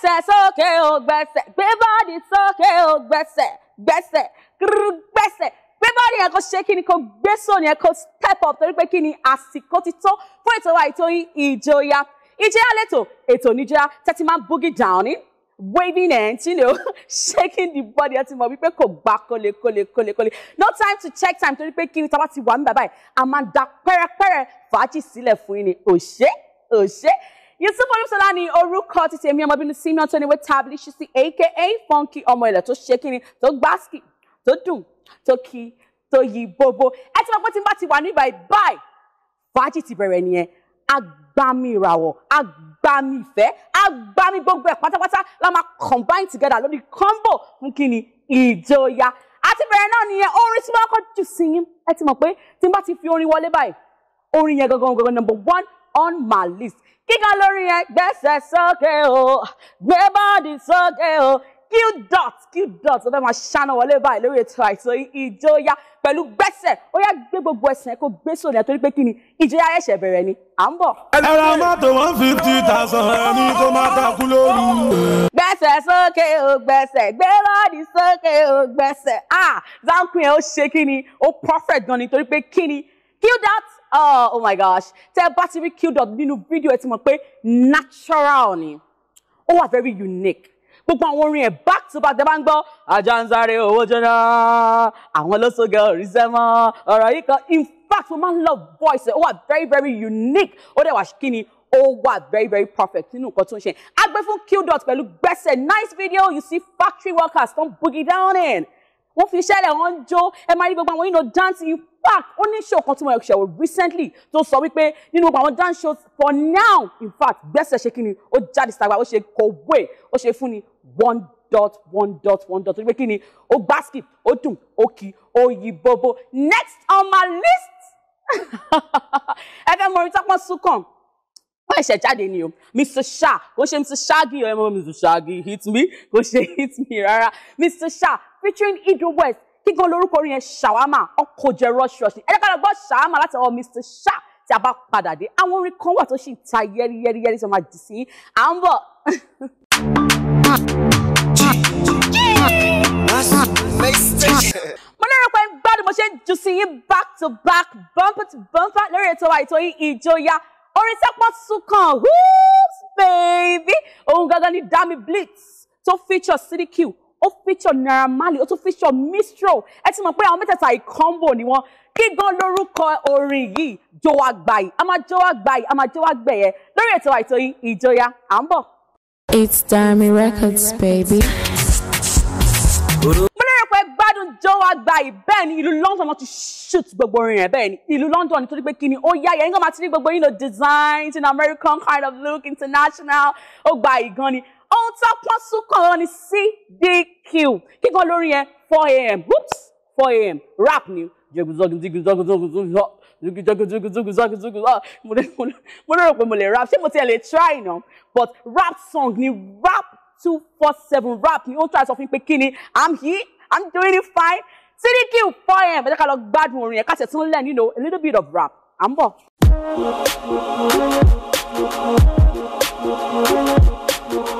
gbẹ́sẹ̀ sókè o gbẹ́sẹ̀ gbé bọ́ọ̀dì sókè o gbẹ́sẹ̀ gbẹ́sẹ̀ gbẹ́sẹ̀ gbé bọ́ọ̀dì yẹn kó ṣe kí ni kó gbé sóòní yẹn step up torí pé kí ni àsìkò ti tó fún ètò wa ètò yín ìjọya ìjọya lẹ́tọ̀ ètò níjọya tẹ́tí máa ń boogie down ní waving hands, you know, shaking the body àti mọ̀ wípé kò gbà kólé kólé kólé kólé. No time to check time torí pé kí ni táwa ti wà ní bàbá yìí, a máa da pẹ́rẹ́pẹ́rẹ́ fàájì sílẹ̀ fún yín ni, òṣè òṣè. Yusuf Olúṣọlá ni orúkọ ti tèmi ọmọbìnrin Simeon tó níwé tábìlì ṣí sí aka funky ọmọ ilẹ̀ tó ṣe kíni tó gbásìkì tó dùn tó kí tó yí bóbó ẹ ti mọ pé tí n bá ti wà ní báyìí báyìí fàájì ti bẹ̀rẹ̀ nìyẹn agbami ìràwọ̀ agbami ìfẹ́ agbami gbogbo ẹ̀ pátápátá la máa combine together lórí combo fún kíni ìjọya àti bẹ̀rẹ̀ náà nìyẹn orin tí wọ́n kọ́ jù sí yín ẹ ti mọ̀ pé tí n bá ti fi orin wọlé báyìí orin yẹn gangan gangan number one on my list kíkà lórí yẹn gbẹ́sẹ̀ sókè o gbé di sókè o q dot q dot ó fẹ́ máa ṣáná wọlé báyìí lórí ètò àìsàn ìjọyà pẹ̀lú gbẹ́sẹ̀ ó yá gbé gbogbo ẹsẹ̀ kó gbé sóòlù ẹ̀ torí pé kí ni ìjọyà ẹ̀ṣẹ̀ bẹ̀rẹ̀ ni à ń bọ̀. ẹ̀rọ mọ́tò one fifty thousand ẹni tó máa takú lóru. gbẹ́sẹ̀ sókè o gbẹ́sẹ̀ gbé bọ́ọ̀dì sókè o gbẹ́sẹ̀ ah zankun yẹn ó ṣe kí ni ó perfect gan ni torí dot oh, oh my gosh tẹ́ bá ti rí q dot nínú fídíò ẹ ti mọ̀ pé natural ni ó wà very unique gbogbo àwọn orin ẹ̀ back to back tẹ́ bá ń gbọ́ Àjàǹsáré owó jọna àwọn olóṣogẹ òrìṣẹmọ ọ̀rọ̀ yìí kan in fact mo máa ń love voice ẹ̀ ó wà very very unique ó dẹ̀ wà kí ni ó wà very very perfect nínú nǹkan tó ń ṣe agbẹ́ fún q dot pẹ̀lú gbẹ́sẹ̀ nice video you see factory workers don boogie down in wọ́n fi iṣẹ́ rẹ̀ wọ́n ń jó ẹ máa rí gbogbo àwọn yìí lọ dancing fact ó ní ṣe ọ̀kan tí mo ṣẹ̀wò recently tó sọ wípé nínú gbogbo àwọn dance shows for now in fact gbẹ́sẹ̀ ṣe kí ni ó jáde sàgbà ó ṣe kọ̀wé ó ṣe fún ni one dot one dot one dot wípé kí ni ó gbásíkì ó dùn ó kì ó yí bóbó next on my list ẹ fẹ́ mọ orin tọ́pọ̀ sukan ó ẹ̀ṣẹ̀ jáde ni o mr Shah. kò ṣe mr shaggy ọ̀ ẹ̀ mọ̀ mr shaggy hit me kò ṣe hit me rárá mr Shah featuring Ido kí gan lórúkọ orin yẹn ṣàwámà ọkọ̀ jẹ rush ẹ jẹ́ ká lọ gbọ́ ṣàwámà láti ọwọ́ Mr. Sha tí a bá padà dé àwọn orin kan wà tó sì ń ta yẹ́rìyẹ́rìyẹ́rì tó máa dì sí à ń bọ̀. mo lérò pé gbádùn mo ṣe ń jù sí yín back to back bumper to bumper lórí ètò wa yín ìjọya orin sẹ́pọ̀ tún who's baby òun gangan ni dami blitz tó feature Siddiq ó feature Naira Marley ó tún feature Mistro ẹ ti mọ̀ pé àwọn mẹ́tẹ̀ẹ̀ta ìkọ́ńbò ni wọ́n gígan lórúkọ orin yìí jọ̀wọ́ àgbàyì a máa jọ̀wọ́ àgbàyì a máa jọ̀wọ́ àgbẹ̀yẹ lórí ètò àìtó yìí ìjọya à ń bọ̀. It's Diamond Records, baby. mo lérò pé gbádùn jọ̀wọ́ àgbàyì bẹ́ẹ̀ ni ìlú London wọn ti shoot gbogbo orin rẹ̀ bẹ́ẹ̀ ni ìlú London nítorí pé kíni ó yá yẹn nígbà máa ti ní gbogbo yín lo design to an American kind of look international ó gba ìgan ni ohun tó pọ́n súnkàn ni CDQ kíkan lórí yẹn four a.m. oops four a.m. rap ni mo lérò pé mo lè rap ṣé mo tiẹ̀ lè try náà but rap song ni rap two four seven rap ni ó ń try sọ fún mi pé kí ni i'm here i'm doing it fine CDQ four a.m. ẹ jẹ́ ká lọ gbádùn orin yẹn ká ṣe tún lẹ́nu you a little bit of rap à ń bọ̀. Thank you.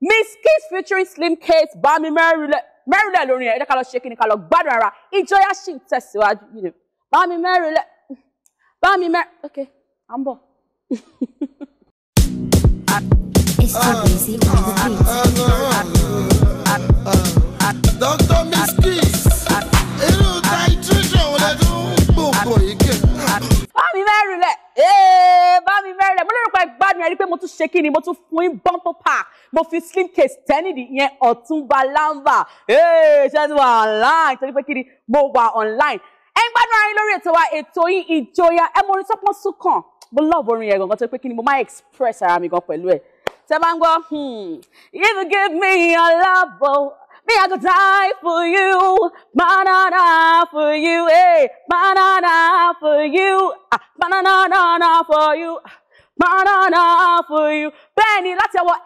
Miss Kiss featuring Slim Kate Bami mi mẹ́rìnlẹ̀ lórí ẹ̀ ẹ jẹ́ ká lọ ṣe kí ni ká lọ gbádùn ara ìjọyà sì ń Bami yìí bá mi mẹ́rìnlẹ̀ bá mi mẹ́rin ok à ń bọ̀ mi ẹ rí pé mo tún ṣe kí ni mo tún fún yín bumper pack mo fi slim case tẹ́nìdì ìyẹn ọ̀túnba lamba ṣé ti wà online torí pé kí ni mo wà online ẹ ń gbádùn ara yín lórí ètò wa ètò yín ìjọyà ẹ mo orin tọ́pọ̀ sún kàn mo love orin yẹn gangan torí pé kí ni mo máa express ara mi gan pẹ̀lú ẹ̀ tẹ́ bá ń gbọ́ if hmm. you give me your love oh. Me, I could die for you, banana for you, eh, hey. banana for you, ah, banana for you. Ah banana for you bẹ́ẹ̀ ni láti ọwọ́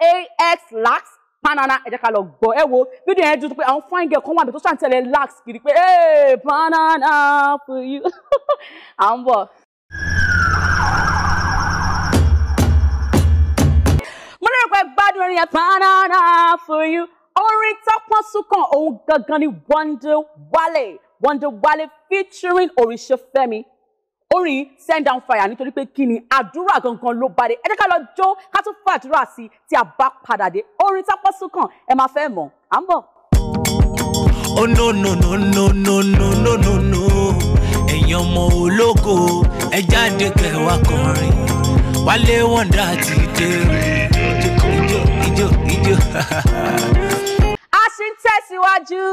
lax lax banana ẹ jẹ́ ká lọ gbọ́ ẹ wo fídíò yẹn dúdú pé àwọn fine girl kan wà bí tó ṣàǹtẹ̀lẹ̀ lax kiri pé ee banana for you à ń bọ̀. mo lérò pé gbádùn orin yẹn banana for you orin tọ́pọ́n súnkàn òun gangan ni Wonder Wale Wonder Wale featuring Oríṣẹ́fẹ́mi orin send down fire nítorí pé kí ni àdúrà gangan ló bá dé ẹ jẹ́ ká lọ jó ká tún fàdúrà sí i tí a bá padà dé orin tápọ́sù kàn ẹ máa fẹ́ mọ̀ à ń bọ̀. oh no no no no no no no no no ẹ̀yin ọmọ ológo ẹ jáde kẹwà kọrin wálé wọ̀ndà ti dé ijó ijó ijó. a ṣì ń tẹ̀síwájú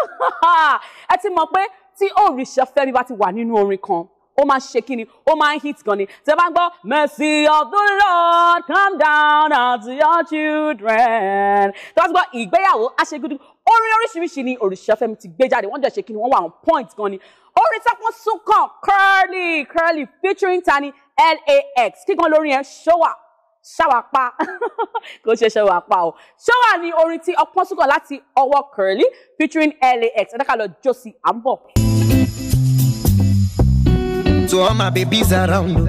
ẹ ti mọ̀ pé tí òrìṣà fẹ́mi bá ti wà nínú orin kan ó máa ṣe kí ni ó máa ń hit gan ni tẹ bá ń gbọ́ mercy of the lord calm down unto your children tẹ bá ti gbọ́ ìgbéyàwó aṣegudu orin oríṣiríṣi ni òrìṣà fẹ́mi ti gbé jáde wọ́n jẹ́ ṣe kí ni wọ́n wà on point gan ni orin tápọ́n sún kàn curly curly featuring tani lax kíkan lórí ẹ ṣọ́wà ṣàwàpá kò ṣe ṣàwàpá o ṣọ́wà ni orin tí ọpọ́n sún kàn láti ọwọ́ curly featuring lax ẹ̀dákàlọ́ josie àmbọ̀. So all my babies around.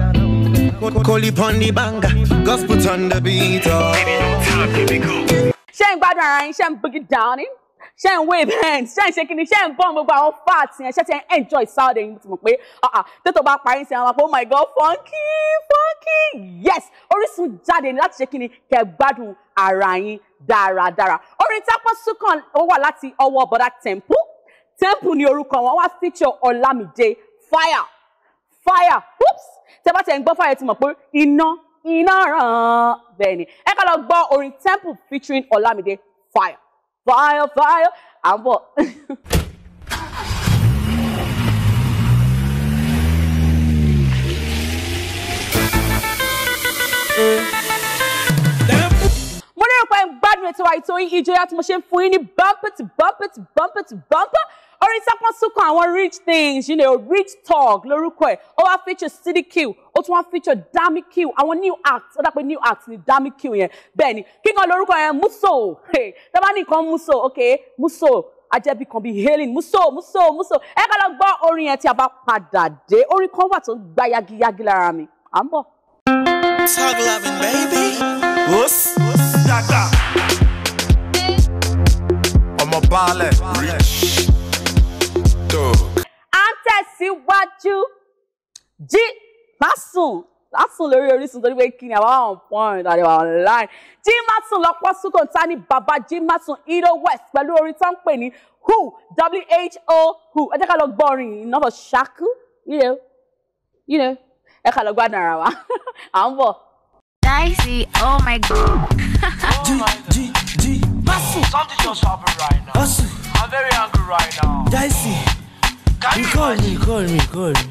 Koli pon the banga, gospel on the beat. Ṣé ń gbádùn ara yín, ṣé ń down in? Ṣé ń wave hands, ṣé ń ṣe kíni, ṣé ń bọ́n gbogbo àwọn fats yẹn, ṣé ti ń enjoy Saturday yín mọ̀ pé ah, ah, tètò bá parí sí àwọn àpò oh my god funky funky yes Orísun jáde ni láti ṣe kíni kẹ́ gbádùn ara yín dáradára. Orin tápọ̀ sùkàn ó wà láti ọwọ́ bọ̀dá Temple Temple ni orúkọ wọn wá feature Ọlámídé Fire fire oops tẹ́ bá tẹ̀ ń gbọ́ fire ti mọ̀ pé iná iná ràn bẹ́ẹ̀ ni ẹ ká lọ gbọ́ orin temple featuring Olamide fire fire fire à pé ń gbádùn ètò àìtó yín ìjọyà tí mo ṣe ń fún yín ní bumper to bumper to bumper to bumper orí sápọ́n àwọn rich things you know rich talk lórúkọ ẹ̀ ó wá feature city kill, ó tún wá feature dami q àwọn new act ó dàpẹ́ new acts ni dami q yẹn bẹ́ẹ̀ ni kíkan lórúkọ yẹn muso tábà nìkan muso ok muso ajẹ́bí kan bíi hailing muso muso muso ẹ ká lọ gbọ́ orin yẹn tí a bá padà dé orin kan wà tó gba yagiyagi lára mi à ń bọ̀. Talk loving baby. Oops. balẹ̀. à ń tẹ̀síwájú jí lásùn lásùn lórí Orísun torí pé kí ni àwa on point àdéhùn online jí másùn lọ́pọ̀ sùkùn ta ni bàbá jí másùn Edo West pẹ̀lú orin tó ń pè ní who who who ẹ jẹ́ ká lọ gbọ́ orin yìí náà for ṣáàkú yìí ẹ ká lọ gbádùn ara wa à ń bọ̀. dicey oh my god. oh my god. Massive. Something just happened right now. Massive. I'm very angry right now. Dicey. Can you, call me, call me, call me.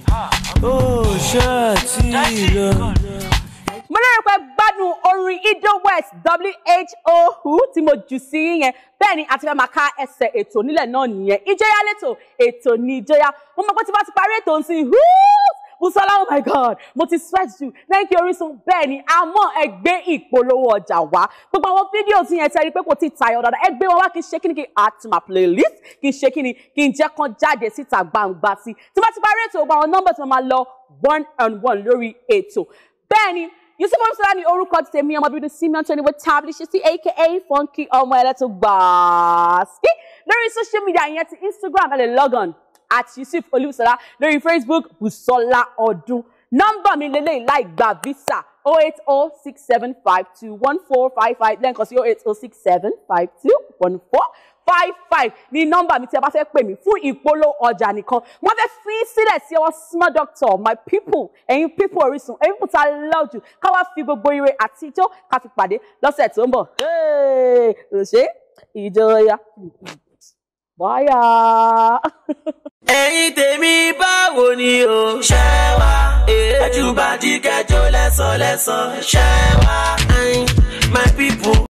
oh, ṣáàtì lọ. mo lérò pé gbádùn orin Ido West who tí mo jù sí yẹn bẹ́ẹ̀ ni àti fẹ́ máa ká ẹsẹ̀ ètò nílẹ̀ náà nìyẹn ìjọyà lẹ́tọ̀ ètò ní ìjọyà mo mọ̀ pé tí bá ti parí ètò ń sìn Bùsọ́lá oh my god mo ti sweat you thank you Orísun bẹ́ẹ̀ ni àmọ́ ẹ gbé ìpolówó ọjà wá gbogbo àwọn fídíò tí yẹn tẹ́ rí pé kò ti tayọ dáadáa ẹ gbé wọn wá kí n ṣe kí ni kí n add to my playlist kí n ṣe kí ni kí n jẹ́ kán jáde síta gbangba sí tí wọ́n ti bá rétò gbogbo àwọn nọ́mbà tí wọ́n máa lọ one on one lórí ètò bẹ́ẹ̀ ni Yusuf Oríṣọlá ni orúkọ ti tèmi ọmọ bíbí Simeon tó ní wọ́n tábìlì ṣe sí aka Funky ọmọ ẹlẹ́tọ̀ gbàásì lórí social media yẹn ti Instagram ẹ lè log on at Yusuf Olusola, lórí Facebook Busola Ọdún nọ́mbà mi lélẹ́yìn láì gba visa oh eight oh six seven five two one four five five lẹ́ǹkan sí oh eight oh six seven five two one four five five ní nọ́mbà mi tí a bá fẹ́ pè mí fún ìpolówó ọjà nìkan wọ́n fẹ́ fi sílẹ̀ sí ọwọ́ small doctor my people ẹ̀yin people Orísun ẹ̀yin people ta love jù ká wá fi gbogbo ire àti ijó ká fi pàdé lọ́sẹ̀ tó ń bọ̀ ṣe ìjọya báyà. ẹ̀yin tèmi báwo ni o. ṣé wá eh. ẹjú bá dígẹjọ lẹ́sọ̀lẹ́sọ̀ ṣé wá my people.